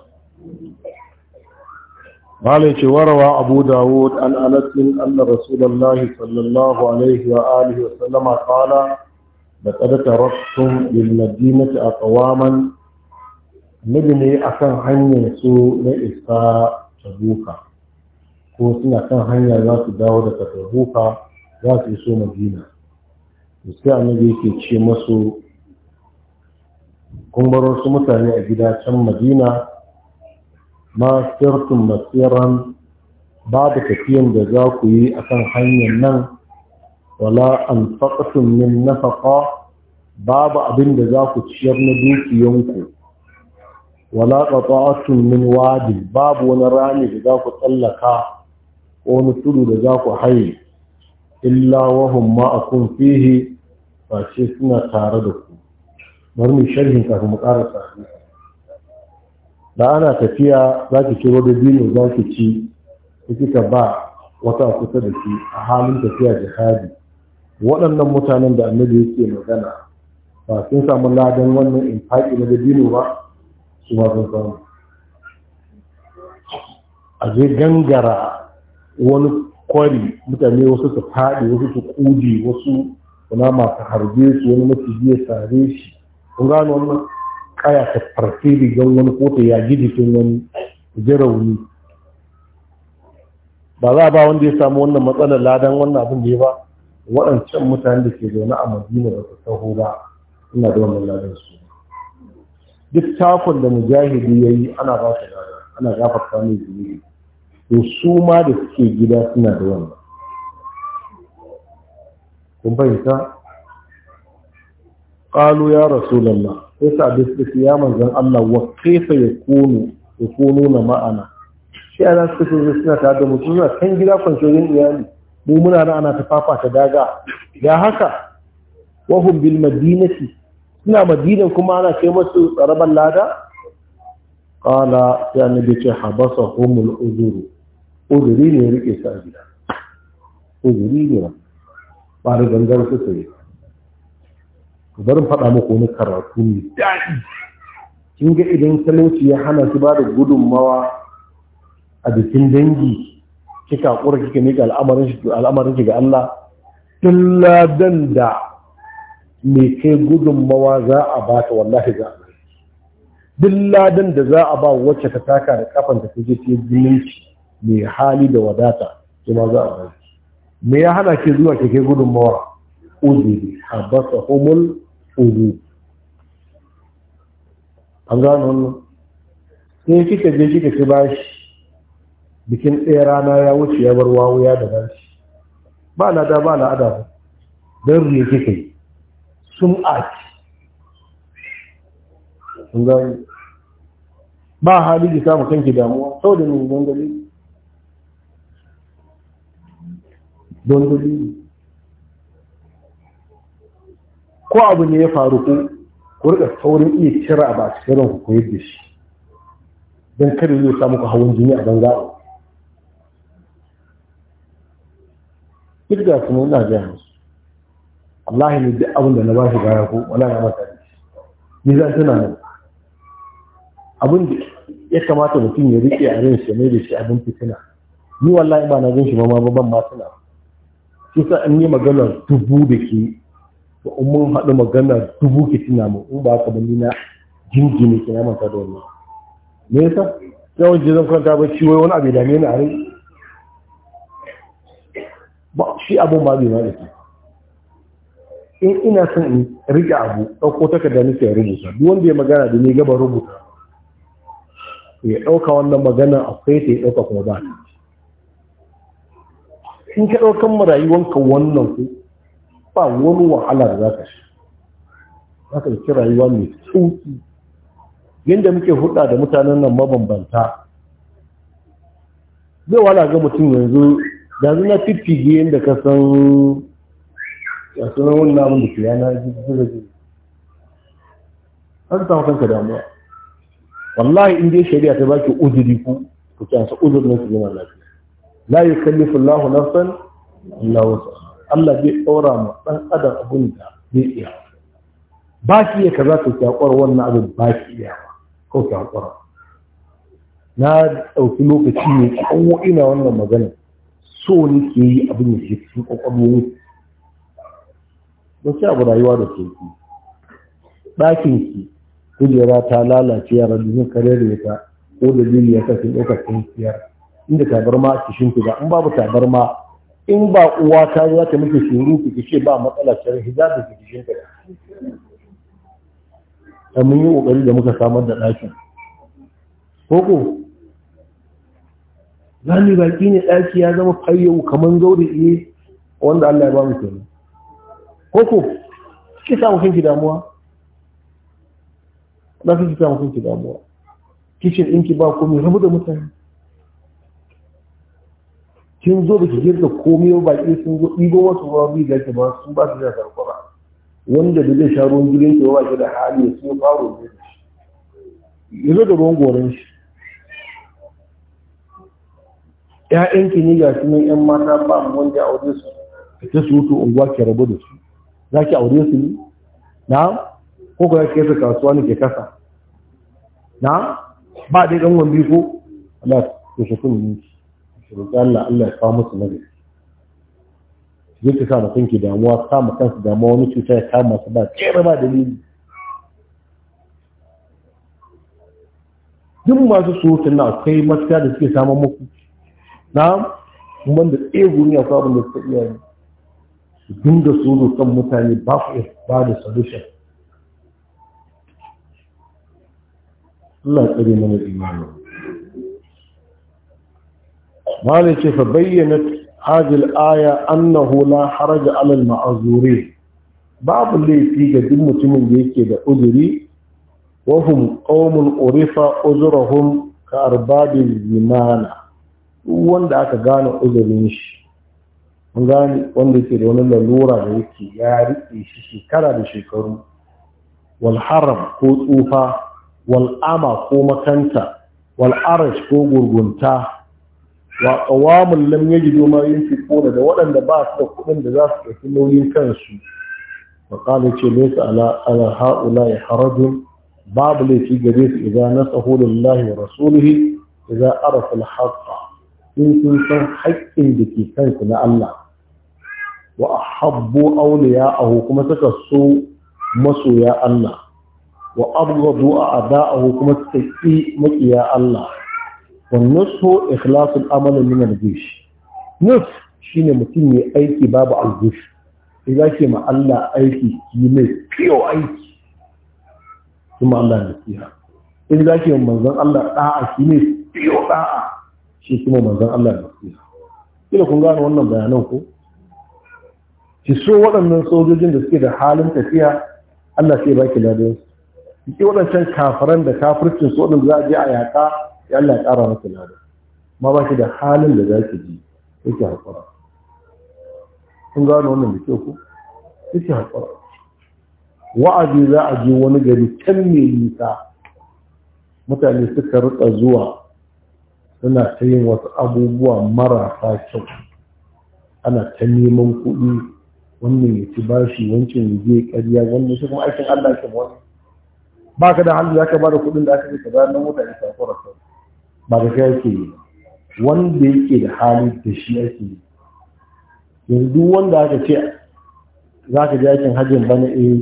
malai ce warawa abu dawud an anasin anna rasulullahi sallallahu alaihi wa alihi wa sallama qala laqad taraktum lil madinati aqwaman nabi ne akan hanyar su na ko suna kan hanya za su dawo daga tabuka za su iso madina sai annabi yake ce masu kun wasu mutane a gida can madina ma sirtum masiran babu tafiyan da za ku yi a kan hanyar nan wala faƙasun min nafaqa babu abin da za ku ciyar na dukiyanku wala qata'tum min wadi babu wani rami da za ku tsallaka ko wani tudu da za ku haye illa wahum kun fihi ce suna tare da ku bari mu sharhin kafin mu ƙara sa da ana tafiya za ki kiro da za ki ci da kika ba wata kusa da shi a halin tafiya jihadi waɗannan mutanen da annabi yake magana ba sun samu ladan wannan infaki na dabino ba su ba sun samu a je gangara wani kwari mutane wasu su faɗi wasu su kuje wasu kuna masu harbe su wani mafi biya sare shi kun wannan kaya ta farfe rigar wani kota ya ji jikin wani jirauni ba za a ba wanda ya samu wannan matsalar ladan wannan abin da ya ba waɗancan mutane da ke zaune a madina da su taho ba suna da wannan ladan su duk takon da mujahidi ya yi ana ba su lada ana gafarta mai zunubi to su ma da suke gida suna da wannan kun fahimta قالوا يا رسول الله yasa da suka ce ya manzan Allah wa kefa ya kono ya kono na ma'ana shi ana suka ce suna tare da mutum suna kan gida kwanciyoyin iyali mu muna nan ana ta fafata daga ya haka wahum bil madinati suna madinan kuma ana kai masu tsaraban lada qala ya nabi ce habasa humul uzuru uzuri ne rike sa gida uzuri ne ba da gangar su yi to bari faɗa muku wani karatu mai daɗi kin ga idan talauci ya hana ki ba da gudunmawa a bikin dangi kika kura kika mika al'amarin shi, al'amarin ki ga Allah tun ladan da kai gudunmawa za a ba ta wallahi za a duk ladan da za a ba wacce ta taka da kafan ta je ta zumunci mai hali da wadata kuma za a ba me ya hana ki zuwa ki kai gudunmawa uzuri habasa kogi an gano wannan sai kika je kika bikin ɗaya rana ya wuce ya barwa wuya da shi ba na da ba na ada don ne kika sun aki ba hali ki samu kanki damuwa sau da ne don dalili don dalili ko abu ne ya faru ko ku rika saurin iya cire abu a cikin ranku ku yadda shi don kada zai samu ku hawan jini a banza duk da su na gaya musu Allah ne duk abin da na ba shi baya ko wala ya masa da shi ni za tana nan abin da ya kamata mutum ya rike a ran shi mai da shi abin fitina ni wallahi ba na gan shi ba ma ban ma tana shi sa an yi maganar dubu da ke to in mun haɗu magana dubu ke tuna mu in ba ka ba ni na jingine ke na manta da wannan me yasa yawan je zan kwanta ba ciwo wani abu da me a rai ba shi abun ba bai ma da in ina son in rike abu ɗauko ni nake rubuta duk wanda ya magana da ni gaba rubuta ya ɗauka wannan magana akwai ta ya ɗauka kuma ba in ka ɗaukan mu rayuwanka wannan ku ba wani wahala da za ka shi za ka ci rayuwa mai sauki yadda muke hudu da mutanen nan mabambanta zai wala ga mutum yanzu yanzu na fiffige yadda ka san ya wani namun da ke yana jirgin an samu kanka damuwa wallahi in dai shari'a ta baki uzuri ku ku kyansa uzurin su zama lafiya la yukallifu Allahu nafsan san wusaha Allah zai ɗaura ma ɗan adam abin da zai iya ba shi iya kaza ka kyakwar wannan abin ba shi iya ko kyakwar na ɗauki lokaci mai tsawo ina wannan magana so ni ke yi abin da ke cikin ne don sai abu rayuwa da ke ki ɗakin ki kujera ta lalace yara domin kare da ta ko dalili ya sa sun ɗaukar inda inda tabarma ki ba in babu tabarma in ba uwa ta za ta muke shuru ki ce ba matsala ki hijabi ki kishin ka da mun yi kokari da muka samar da ɗakin koko zani baki ne ɗaki ya zama fayyau kamar zaure iye. wanda Allah ya ba mu kenan koko ki samu kanki damuwa za ki samu kanki damuwa kicin ɗinki ba komai rabu da mutane kin zo baki girka komai ba ki sun zo ɗigo wasu ruwa bi da ki ba su ba su da sarko ba wanda da zai sha ruwan gidan ki ba shi da hali ya sun faro ne ya zo da ruwan goron shi ƴaƴan ki ne ga su nan ƴan mata ba mu wanda aure su ka ta su wuce unguwa ki rabu da su za ki aure su ne na ko ku za ki kasa kasuwa ne ke kasa na ba dai ɗan wambi ko Allah ya shafi mu ki roƙi Allah Allah ya kawo musu nagari zai ta sa mutum ki damuwa sa mu kansu damuwa wani cuta ya kama su ba tsere ba dalili duk masu surutun na akwai mafiya da suke samun muku na wanda tsaye guri akwai abin da suka iya su dinga suru kan mutane ba ku iya ba da solution Allah ya tsare mana imanin malai ce fa bayyana hadil aya annahu la haraja alal ma'azuri babu laifi ga duk mutumin da yake da uzuri wa hum qaumun urifa uzurahum ka arbabil zimana wanda aka gane uzurin shi mun gane wanda yake da wani lalura da yake ya riƙe shi shekara da shekaru wal haram ko tsufa wal ama ko makanta wal ko gurgunta wa qawamun lam yajidu ma yunfiquna da waɗanda ba su da kuɗin da za su ɗauki nauyin kansu wa qala ce laysa ala ala haula ya harajun babu laifi gare su idan nasahu lillahi wa rasulihi idan arafa al in sun san haƙƙin da ke kansu na Allah wa ahabbu aho kuma suka so masoya Allah wa abghadu a'da'ahu kuma suka ƙi maƙiya Allah والنصه إخلاص الأمل من الجيش نص شين متين أيكي باب الجيش إذا كما الله أيكي يمي بيو أيكي ثم الله نسيها إذا كما منظر الله طاعة يمي بيو طاعة shi kuma manzan Allah da su kila kun gano wannan bayanan ku ki so waɗannan sojojin da suke da halin tafiya Allah sai baki ladan su ki waɗancan kafaran da kafircin su waɗanda za a je a yaƙa ya Allah ya ƙara maka lada ma ba shi da halin da za ki ji sai haƙura kun gano wannan da kyau ko sai haƙura wa'azi za a je wani gari can mai nisa mutane suka rika zuwa suna ta yin wasu abubuwa marasa kyau ana ta neman kuɗi wannan ya ci bashi wancan ya je ƙarya wannan shi kuma aikin Allah ke wani ba ka da hannu za ka ba da kuɗin da aka ce ka bayar nan mutane ka kora ka ba da shi ake yi wanda yake da hali da shi ake yi yanzu duk wanda aka ce za ka ji aikin hajjin bana eh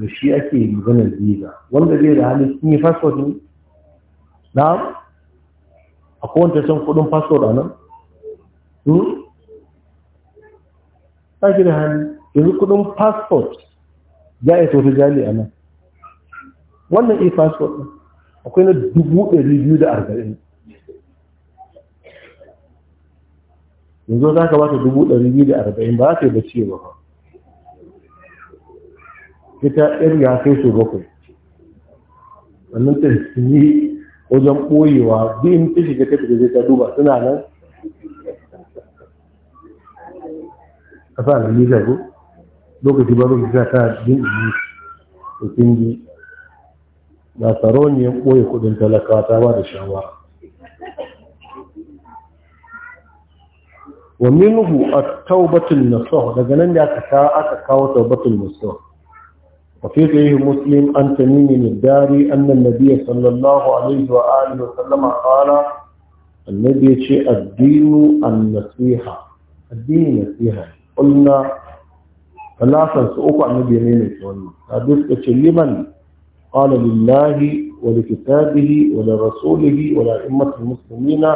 da shi ake yi magana visa wanda zai da hali sun yi fasfot ne na a kowace son kudin fasfot a nan hmm? ba ki da hali yanzu kudin fasfot ya isa sosu jali a nan wannan e eh, fasfot ne akwai na dubu ɗari biyu da arba'in yanzu za ka bata dubu ɗari biyu da arba'in ba ta ka yi bacci ba ita ɗin ya kai su bakwai wannan ta yi wajen ɓoyewa biyun ta shiga ta fita zai ta duba suna nan ƙasa na nisa ko lokaci ba lokaci ta ta bin da kingi ba saroni ya ɓoye kudin talakawa ta ba da shawara wa minhu at-taubatul nasuh daga nan da aka ta aka kawo taubatul nasuh wa fi sahih muslim an tamim min dari anna an-nabiy sallallahu alaihi wa alihi wa sallama qala annabi yace ad-dinu an-nasiha ad-dinu nasiha qulna falasan su uku annabi ne ne wannan hadis yace liman قال لله ولكتابه ولرسوله ولأئمة المسلمين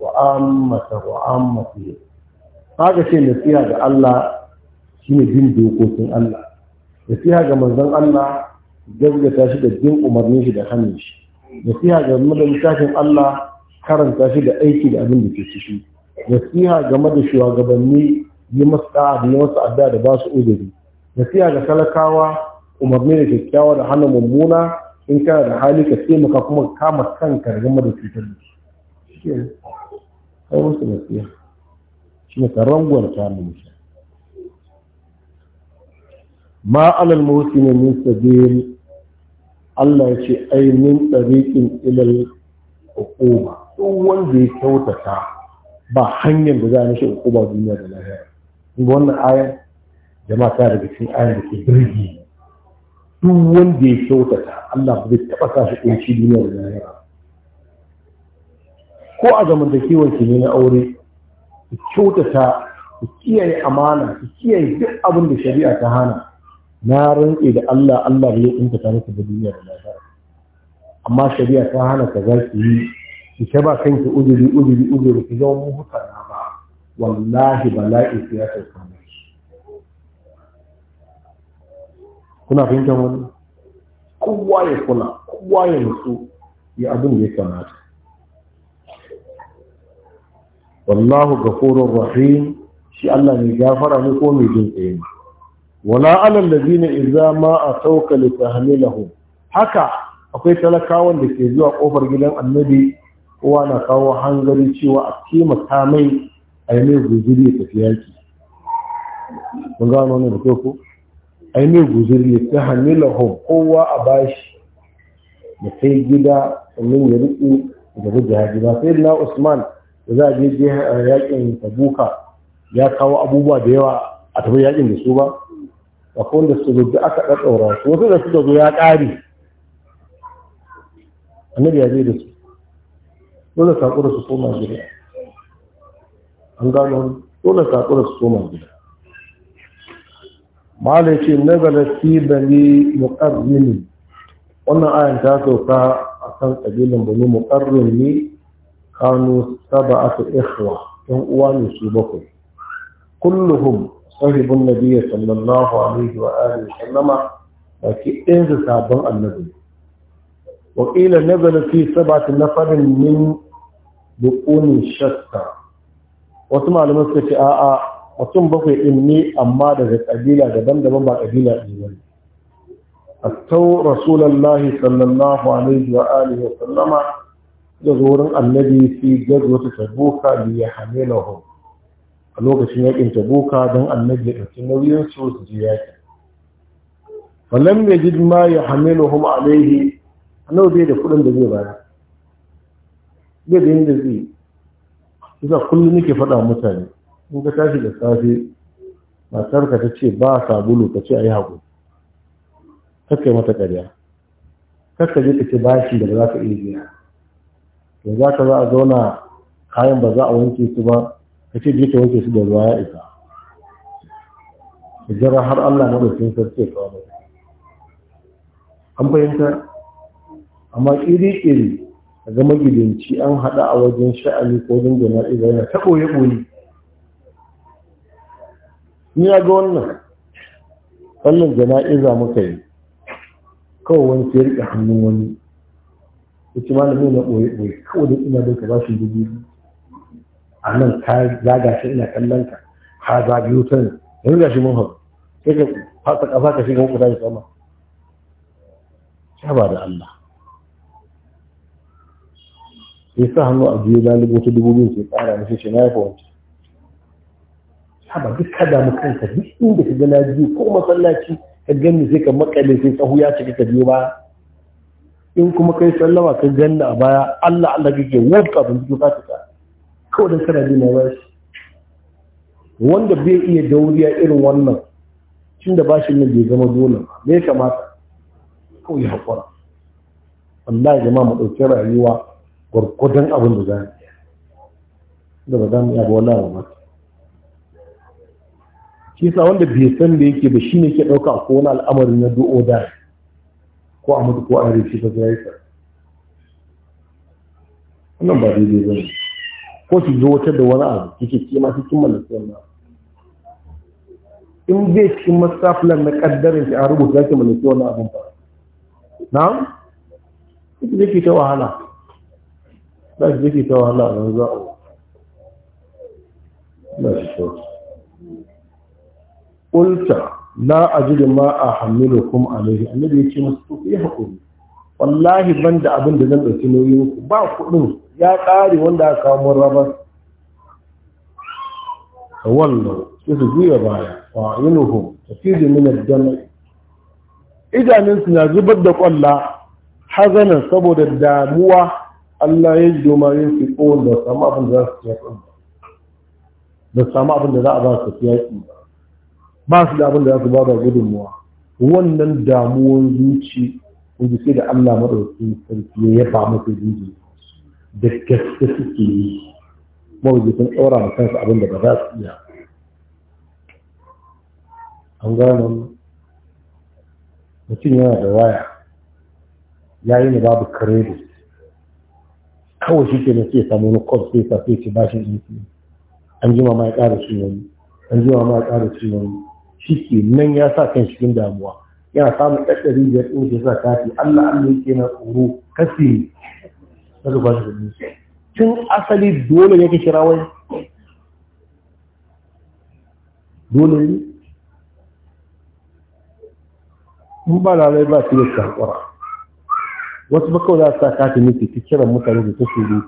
وعامة وعامته هذا شيء نسيها ga Allah shine jin dokokin Allah nasiha ga manzon Allah gaggata shi da bin umarnin shi da hannun shi nasiha ga littafin Allah karanta shi da aiki da abin da ke ciki nasiha game da shugabanni yi masu da yi masu adda da ba su uzuri nasiha ga talakawa umarni da kyakkyawa da hana mummuna in kana da hali ka taimaka kuma kama kanka game da cutar da shi shi ne kai musu nasiya shi ne ka gwarta mu mutum ma alal ne min sabil Allah ya ce ai min ilal hukuma duk wanda ya kyautata ba hanyar da za a nishe hukuma duniya da lahira in wannan aya jama'a ta daga cikin ayan da ke birgi duk wanda ya kyautata Allah ba zai taɓa sa shi kunci duniyar da lahira ko a zamantakewar ki ne na aure ki kyautata ki kiyaye amana ki kiyaye duk abin da shari'a ta hana na rantse da Allah Allah bai kunta ta miki da duniyar da lahira amma shari'a ta hana ka za ki yi ki ta ba kanki uzuri uzuri uzuri ki zama mu ba wallahi bala'i sai ya kuna fahimtar wani kowa ya kula kowa ya nutsu ya abin da ya kamata wallahu gafurur rahim shi Allah ne gafara ne ko mai jin tsaye ne wala alal ladina idza ma atawka li tahmilahu haka akwai talakawan da ke zuwa kofar gidan annabi kowa na kawo hangari cewa a ta mai a yi mai guzuri ya tafiya kun gano ne da ko ai mai guzuri ta hamila kowa a bashi da sai gida sannan ya riƙe da gudu haji ba sai na usman da za a je yakin tabuka ya kawo abubuwa da yawa a tafi yakin da su ba akwai wanda su gudu aka ɗaɗɗaura su wasu da su zo ya ƙare annabi ya je da su dole saƙo da su koma gida an gano dole saƙo da su koma gida malai ce nazarar fi bani muƙarrini wannan ayan ta sauka a kan ƙabilin bani muƙarrini kanu saba aka ikhwa ɗan uwa ne su bakwai kulluhum sahibin nabiya sallallahu alaihi wa alihi sallama ɗin su sabon annabi wakila nazara fi sabata nafarin min bukunin shasta wasu malamai suka ce a'a mutum bakwai ɗin ne amma daga ƙabila daban-daban ba ƙabila ɗin ba attau rasulallahi sallallahu alaihi wa alihi wa sallama da zuwurin annabi fi gazo ta tabuka da ya na hu a lokacin yakin tabuka don annabi ya ɗauki nauyin su su ji yakin falam ya ji ma ya hamilu hum alaihi annabi bai da kuɗin da zai bayar bai da yin da zai yi kullum nake faɗa mutane in ka tashi da safe matarka ta ce ba sabulu ka ce a yi haƙuri kakai mata ƙarya kakka je ka ce shi da ba za ka iya biya Da za ka za a zauna kayan ba za a wanke su ba ka ce je ka wanke su da ruwa ya isa jira har Allah madaukin sarki ya kawo an fahimta amma ƙiri-ƙiri a ga magidanci an haɗa a wajen sha'ani ko wajen jana'iza yana ta ɓoye-ɓoye ni ya ga wannan wannan jana'iza muka yi kawo wani sai riƙe hannun wani ya ce malami na ɓoye ɓoye kawai da ina da ka ba shi dubu a nan ka zaga shi ina kallon ka ha yi wutan yanzu ga shi mun hau sai ka fasa ƙasa ka shiga hukuta da sama ba da Allah ya sa hannu a biyu na ta dubu biyu ke ƙara mashi shi na ya fi wancan haba duk ka damu kanka duk inda ka gana biyu ko masallaci ka ganni sai ka makale sai tsahu ya cika ka biyo baya in kuma kai sallama ka ganni a baya Allah Allah kake wabka bin duk ka ka ko da kana bi na wanda bai iya dauriya irin wannan tun da bashin nan bai zama dole ba me kamata ko ya hakura Allah ya jama'a mu dauki rayuwa gurgudan abin da za mu da ba za mu iya ba ba shi yasa wanda bai san da yake ba shine ke dauka ko wani al'amari na du'o da ko a mutu ko a rufe ba zai sa wannan ba daidai ba ko ki zo wata da wani abu kike ce ma cikin mallaki wannan in bai cikin masafilan na kaddarin ki a rubuta zaki mallaki wannan abu ba na'am kike zaki ta wahala zaki zaki ta wahala a yanzu a shi shi ulta la ajidu ma a hamilukum alaihi annabi ya ce musu ku yi haƙuri wallahi ban da abin da zan ɗauki nauyin ku ba kuɗin ya ƙare wanda aka kawo mun rabar ta wallo sai su juya baya wa yinuhum ta fi min dama idanunsu ya zubar da ƙwalla hazanin saboda damuwa Allah ya ji doma yin fi ƙon da samu abin da za su fiya ba da samu abin da za a ba su fiya ba ba su da abin da za su ba da gudunmuwa wannan damuwan zuci wanda sai da Allah maɗauki sarki ya yaba musu zuci da gaske suke yi mawuzi sun tsora da kansu abin da ba za su iya an gano mutum yana da waya ya yi ne babu credit kawai shi ke na sai samu wani kwas sai sa sai ce bashin ɗin an jima ma ya ƙara shi wani an jima ma ya ƙara shi wani ciki nan ya sa kan cikin damuwa yana samun ɗaɗɗari biyar ɗin da sa kafi Allah Allah yake na tsoro kafi na zuba da kudin su tun asali dole ne ka kira wai dole ne in ba lalai ba su yi karɓura wasu ba kawai za su sa kafi ne ke kiran mutane da ta shuru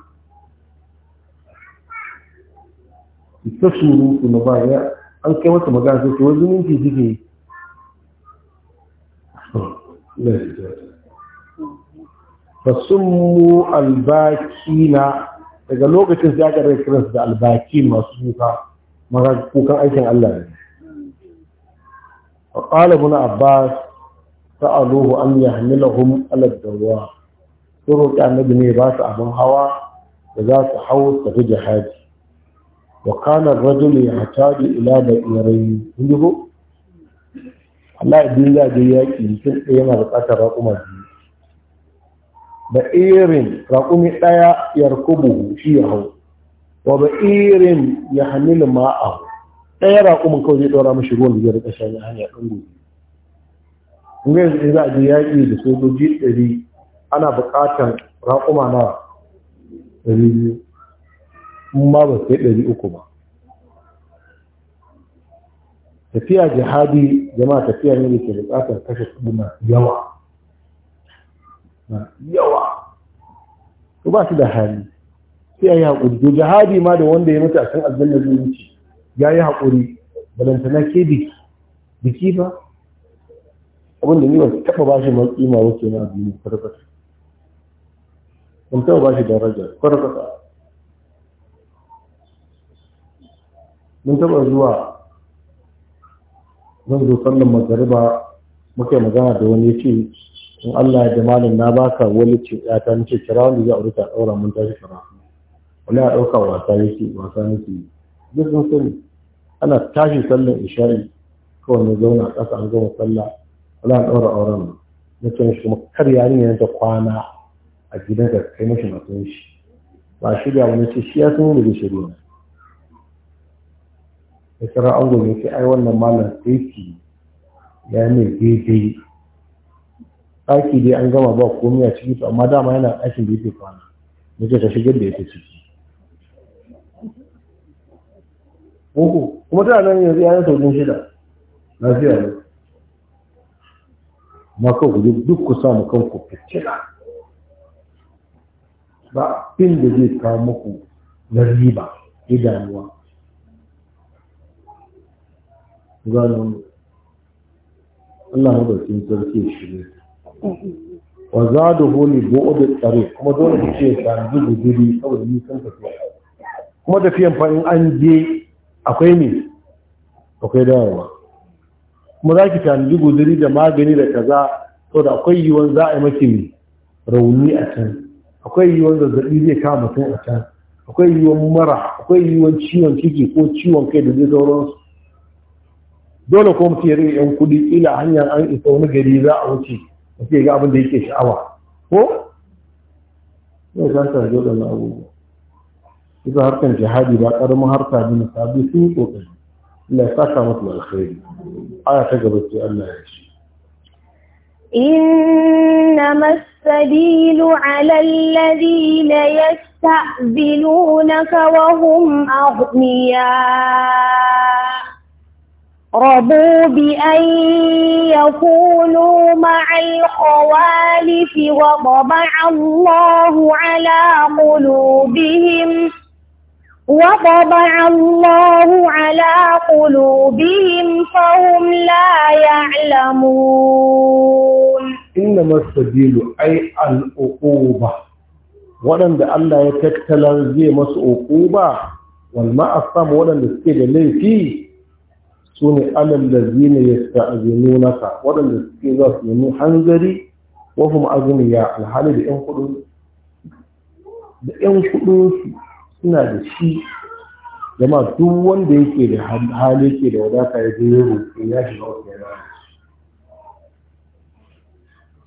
ta shuru su na ya an kai masa magana sai ce wani minti suke yi albaki na daga lokacin sai aka rai kiransu da albaki masu suka maka kukan aikin Allah ne wa qala ibn abbas sa'aluhu an yahmilahum ala dawwa sai roƙi annabi ne ba su abin hawa da za su hau tafi jihadi wa kana rajul ya hataju ila da irayi kun ji ko Allah idan za ga mutum ɗaya yana buƙatar raƙuma biyu da irin raƙumi ɗaya yarkubu shi ya hau wa ba irin ya ɗaya raƙumin kawai zai ɗora mashi ruwan da ya riƙa ɗan gobe kuma yanzu za a je yaƙi da sojoji ɗari ana buƙatar raƙuma na in ma ba sai ɗari uku ba tafiya jihadi jama'a tafiya ne da ke buƙatar kashe kuɗi masu yawa yawa to ba su da hali sai a yi haƙuri to jihadi ma da wanda ya mutu a kan aljanna zai wuce ya yi haƙuri balantana ke biki biki ba abinda ni ba su taɓa ba shi matsi ma wuce na abu ne kwarkwata ban taɓa ba shi daraja kwarkwata mun taɓa zuwa zan zo sallan magariba muka yi magana da wani ce in Allah ya malam na baka wani ce ya ta nace kira wani za a ta ɗaura mun tashi kira wani ya ɗauka wasa yake wasa nake duk sun sani ana tashi sallan isha'i kawai na zauna a ƙasa an gama sallah wani ya ɗaura auren na ce mishi kuma kar yarinya ta kwana a gidanka kai mashi masu shi ba shirya wani ce shi ya san da zai shirya da kira an ya ce ai wannan malam sai ya ne daidai ɗaki dai an gama ba komai a ciki to amma dama yana ɗakin da yake kwana nake ta shigar da yake ciki uku kuma tana nan yanzu ya yi shida lafiya ne ma kan ku duk ku samu kanku fitina ba abin da zai kawo muku na riba idanuwa ganin Allah ya bakin sarki shi wa za da holi bu'udu kuma dole ku ce ta zubu guri saboda ni san tafiya kuma tafiyan fa in an je akwai ne akwai dawowa kuma za ki tanadi guzuri da magani da kaza saboda akwai yiwuwar za a yi maki ne rauni a can akwai yiwuwar zazzaɓi zai kama mutum a can akwai yiwuwar mara akwai yiwuwar ciwon ciki ko ciwon kai da zai sauransu dole ko mutum ya rike yan kuɗi ila hanyar an isa wani gari za a wuce mutum ga abin da yake sha'awa ko yau za ta zo da abubuwa ita harkar jihadi ba ƙaramin harka ne na sabi sun yi ƙoƙari Allah ya saka masu alkhairi aya ta gaba sai Allah ya shi إنما السبيل على الذين يستأذنونك وهم أغنياء رضوا بأن يكونوا مع الخوالف وطبع الله على قلوبهم وطبع الله على قلوبهم فهم لا يعلمون إنما السبيل أي العقوبة ولن الله يتكتل زي مس عقوبة والمعصم ولن يستجلي فيه su ne alal ya zina ya ta'azinu naka waɗanda suke za su nemi hanzari wa kuma ya alhali da 'yan kuɗin da 'yan kuɗin suna da shi zama duk wanda yake da hali yake da wadata ya je ya roƙe ya shiga wata yana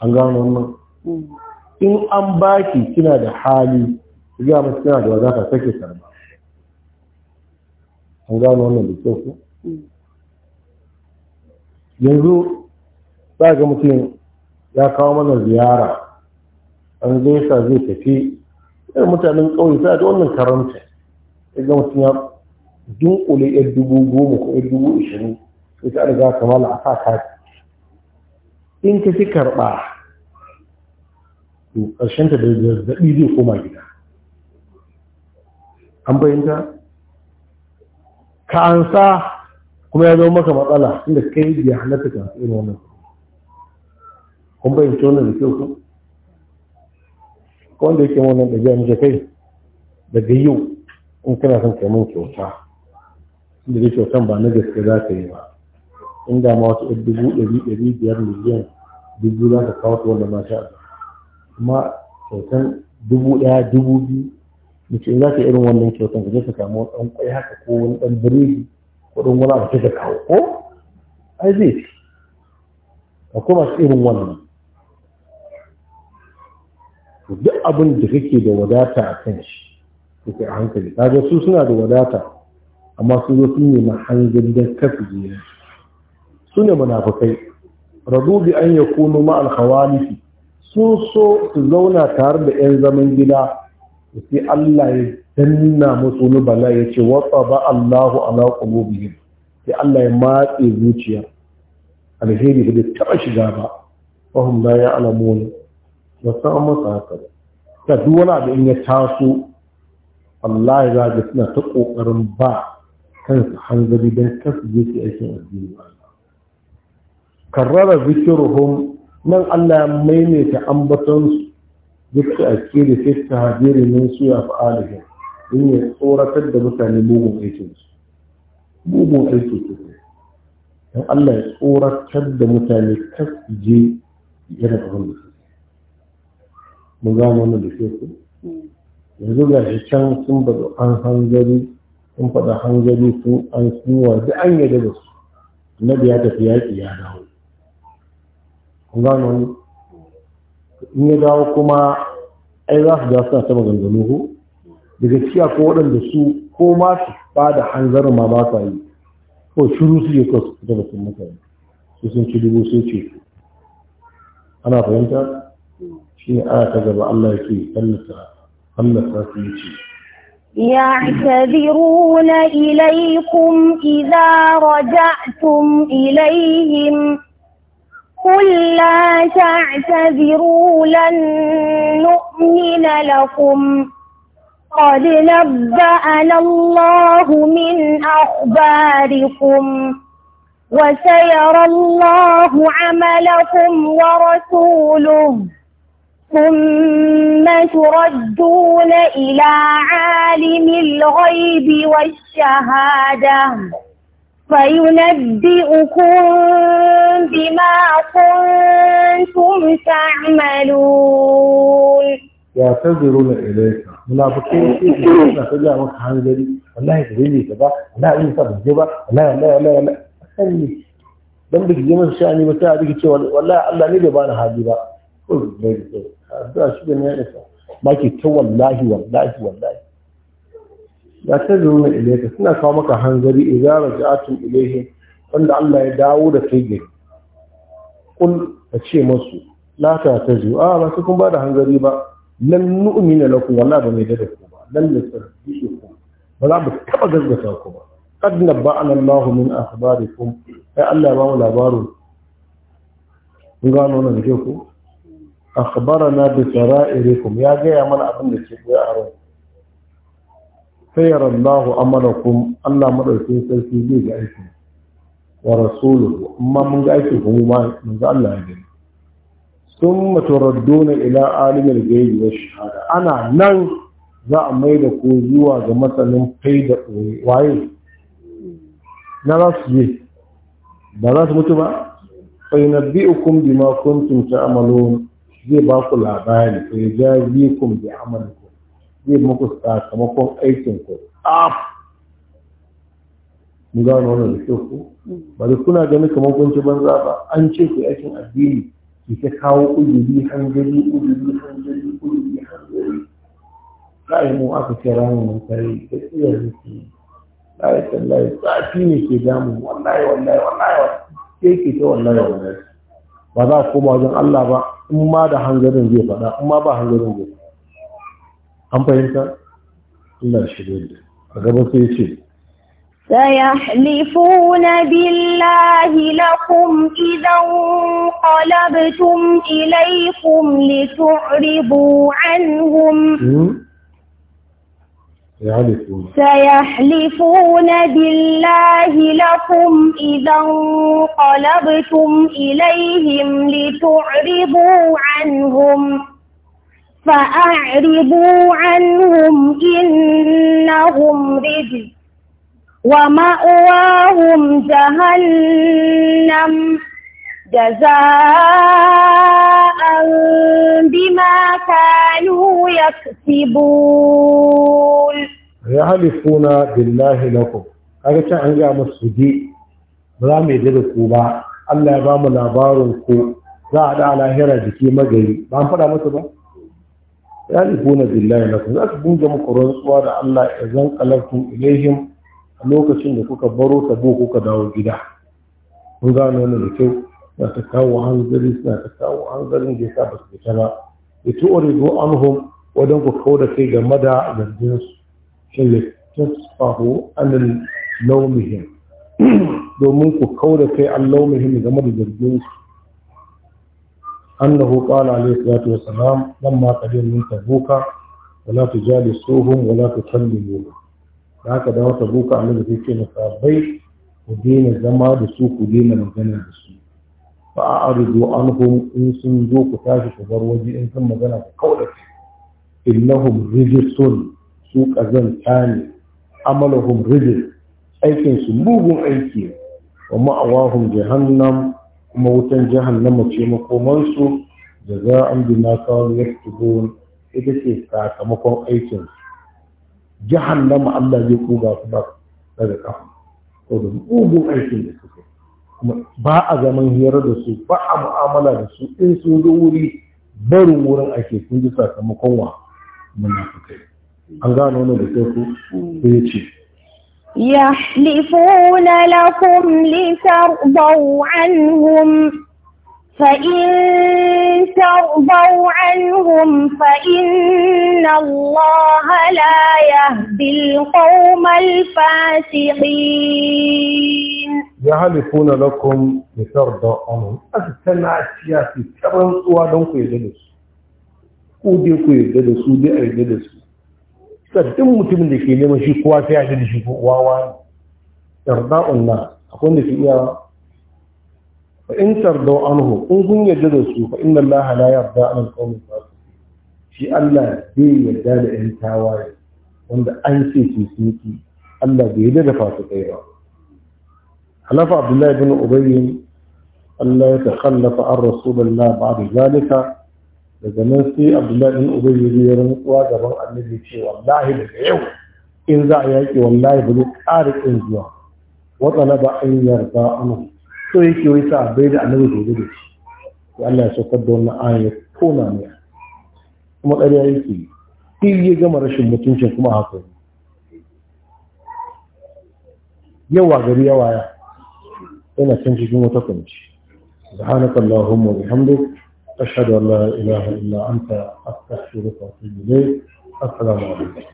an gano wannan mm. in an baki kina da hali ya masu kina da wadata sake sarba an gano wannan da kyau ko mm. yanzu za ga mutum ya kawo mana ziyara an zai sa zai tafi yar mutanen ƙauye sa da wannan karanta Ya ga mutum ya dunkule yar dubu goma ko dubu ishirin sai ta riga kamala a sa kati in ka fi karɓa to ƙarshen ta da zazzaɓi zai koma gida an bayyanta ka ansa kuma ya zama maka matsala inda kai na halatta ka irin wannan kun bayyance wannan da kyau ko wanda yake wannan da jami'a da kai daga yau in kana son kai mun kyauta inda dai kyautan ba na gaske za ka yi ba in ma wata dubu ɗari ɗari biyar miliyan dubu za ka kawo ta wanda ma sha kuma kyautan dubu ɗaya dubu biyu mace in za ka yi irin wannan kyautan ka je ka samu wani ɗan ƙwai haka ko wani ɗan biredi kudin wani abu da kawo ko ai zai fi a kuma irin wannan duk abin da kake da wadata a kan shi suke a hankali kaga su suna da wadata amma su zo sun yi nema hangen da kafin jiya su ne munafukai radu bi an ya kunu ma'al hawalifi sun so su zauna tare da 'yan zaman gida da sai Allah ya danna musu wani bala ya ce watsa ba Allahu ala qulubihim Ya Allah ya matse zuciya alheri da taba shiga ba wahum la ya'lamun wa sa'ama haka ta duk wani abu in ya taso Allah ya ga suna ta kokarin ba kansu hanzari don kansu je su aikin addini ba karrara zikiruhum nan Allah ya maimaita ambatansu duk a kiri sai ta hajiri min su ya fa'alihim in ya tsoratar da mutane mugun aikin su mugun aiki su don Allah ya tsoratar da mutane kas je yana abin da su mun gano wannan da ke ku yanzu ga shi can sun bazu an hangari, sun faɗa hangari, sun an suwa duk an yadda da su na ya tafi yaƙi ya dawo kun gano wani in ya dawo kuma ai za su ga suna ta maganganu ko daga ciya ko waɗanda su ko ma su ba da hanzarin ma ba sa yi ko shiru su je kawai su fita da sun mutane su sun ci dubu sai ce ana fahimta shi ne ana ta gaba Allah ya ke tallata tallata su yi ce يعتذرون إليكم إذا رجعتم إليهم قل لا تعتذروا لن نؤمن لكم قد نبأنا الله من أخباركم وسيرى الله عملكم ورسوله ثم تردون إلى عالم الغيب والشهادة فينبئكم بما كنتم تعملون يعتذرون إليك munafikai sai ke suna ta gaya maka hanzari wallahi ka zai ka ba wallahi in sa ba zai ba wallahi wallahi wallahi wallahi dan biki je masa shani ba sai a dike cewa wallahi Allah ne bai bani hali ba ko bai da addu'a shi ne ya sa maki ta wallahi wallahi wallahi ya ta zuwa ilaika suna kawo maka hanzari idza raja'atum ilayhi wanda Allah ya dawo da kai gari kun a ce masu la ta ta zo a ah, ba su kun ba da hanzari ba lan nu'mina lakum wallahi ba mai da ku ba lan nasarfiku ba za mu taba gaggata ku ba qad nabba'ana Allahu min akhbarikum ai Allah ya ba mu labarin kun gano nan ke ku akhbarana bi sara'irikum ya gaya mana abin da ke koyi a ran sayyara Allahu amalakum Allah madaukakin sarki zai ga aiki wa rasuluhu amma mun ga aiki kuma mun ga Allah ya gani sun maturadduna ila alimin gaibi wa shahada ana nan za a mai da ko zuwa ga matsalin fai da waye na za su yi ba za su mutu ba sai na ukun bi ma kuntum ta'malun zai ba ku labari fai ja bi amalikum zai muku sakamakon aikin ku mu gano wannan da kyau ko ba da kuna gani kamar kun ci banza ba an ce ku aikin addini ki ta kawo uzuri hangari uzuri hanzari uzuri hangari ra'ayi mu aka ce ramin mun kare da tsiyar zuci lai sallai tsafi ne ke damu wallahi wallahi wallahi sai ke ta wallahi wallahi ba za a koma wajen Allah ba in ma da hanzarin zai faɗa in ma ba hanzarin zai faɗa an fahimta Allah shi da a gaba sai ce سيحلفون بالله لكم إذا انقلبتم إليكم لتعرضوا عنهم سيحلفون بالله لكم إذا انقلبتم إليهم لتعرضوا عنهم فأعرضوا عنهم إنهم رجل ومأواهم جهنم جزاء بما كانوا يكسبون يحلفون بالله لكم kaga can an ga masu je ba za mu yi da ku ba Allah ya ba mu labarin ku za a da lahira jiki magari ba an faɗa masa ba ya lifuna billahi lakum za su bunge muku da Allah ya zan kalafin ilaihim lokacin da kuka baro bo kuka dawo gida kun gano ne da kyau na ta kawo hanzari na ta kawo hanzarin da ya sa ba su fita ba ya ci zuwa anhum wajen ku kawo da kai game da zargin su shi ne tasfahu anil laumihim domin ku kawo da kai an laumihim game da zargin su annahu qala alayhi salatu wassalam lamma qadim min tabuka wala tujali suhum wala tukallimuhum haka dawo ta buka annabi sai ce masa ku daina zama da su ku daina magana da su fa an anhum in sun zo ku tashi ku bar waje in sun magana ku kauda su innahum rijsun su kazan ne amalahum rijs aikin su mugun aiki wa ma'awahum jahannam kuma wutan jahannam ce makomansu jaza'an bima kawo yaktubun ita ce sakamakon aikinsu Jihar jahannama Allah zai koma su ba daga kafa ko da bugun aikin da suke kuma ba a zaman hira da su ba a mu'amala da su in sun zo wuri barin wurin ake sun ji sakamakon wa munafikai an gano wani da kai ku sai ce يحلفون لكم لترضوا عنهم فإن ترضوا عنهم فإن الله لا يهدي القوم الفاسقين يكون لكم بفرض أمم أستمع السياسي كرم سؤالهم في جلس ودي في جلس ودي أي جلس سدم متملكي لما شكوا في عجل شكوا واوان إرضاء الناس أقول لك يا fa in tardau anhu in kun yarda da su fa inna Allah la yarda an alqawmi shi Allah bai yarda da 'yan tawaye wanda an ce su suki Allah bai yarda da fasikai ba halafa Abdullahi bin Ubay Allah ya takhallafa an laba ba'da zalika daga nan sai Abdullahi bin Ubay ya rantsuwa gaban Annabi cewa wallahi daga yau in za a yaƙi wallahi ba zai ƙara ƙin zuwa watsala ba an yarda anhu so yake wai sa bai da annabi gobe da shi to Allah ya saukar da wannan aya koma ne kuma ƙarya yake yi in ya gama rashin mutuncin kuma haka ne yawa gari yawa ya yana can cikin wata kunci سبحانك اللهم وبحمدك أشهد أن لا إله إلا أنت أستغفرك وأتوب إليك السلام عليكم